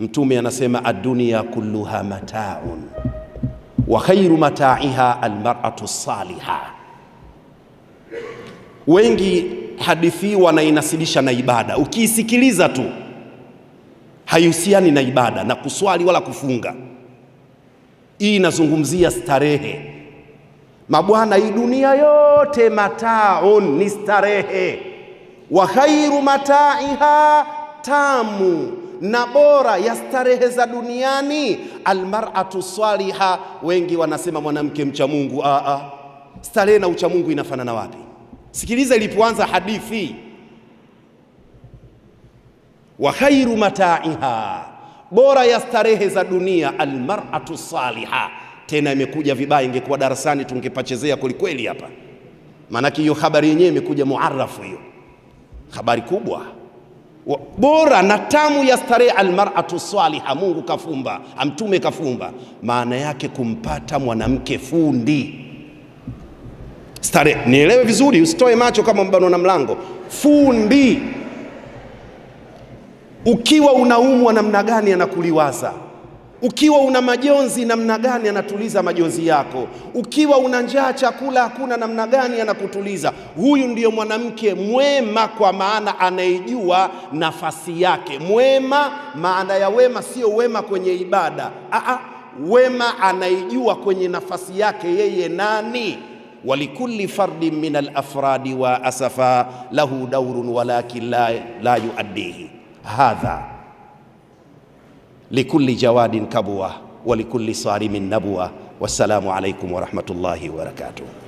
Mtume anasema adunia kulluha mataun wa khairu mataiha almar'atu saliha. Wengi hadithi wanainasilisha na ibada, ukiisikiliza tu haihusiani na ibada na kuswali wala kufunga. Hii inazungumzia starehe. Mabwana, hii dunia yote mataun ni starehe, wa khairu mataiha tamu na bora ya starehe za duniani, almar'atu saliha Wengi wanasema mwanamke mcha Mungu. A ah, a, ah. starehe na ucha Mungu inafanana wapi? Sikiliza ilipoanza hadithi, wa khairu mataiha, bora ya starehe za dunia almar'atu saliha. Tena imekuja vibaya, ingekuwa darasani tungepachezea kwelikweli hapa, maanake hiyo habari yenyewe imekuja muarafu, hiyo habari kubwa bora na tamu ya starehe almar'atu saliha, Mungu kafumba, amtume kafumba, maana yake kumpata mwanamke fundi starehe. Nielewe vizuri, usitoe macho kama mbano na mlango. Fundi ukiwa unaumwa namna gani anakuliwaza ukiwa una majonzi namna gani anatuliza majonzi yako? Ukiwa una njaa chakula hakuna namna gani anakutuliza? Huyu ndiyo mwanamke mwema, kwa maana anayejua nafasi yake. Mwema maana ya wema sio wema kwenye ibada, aa, wema anayejua kwenye nafasi yake yeye nani walikulli fardin min alafradi wa asafa lahu daurun walakin la, la yuaddihi hadha لكل جواد كبوة ولكل صارم نبوة والسلام عليكم ورحمة الله وبركاته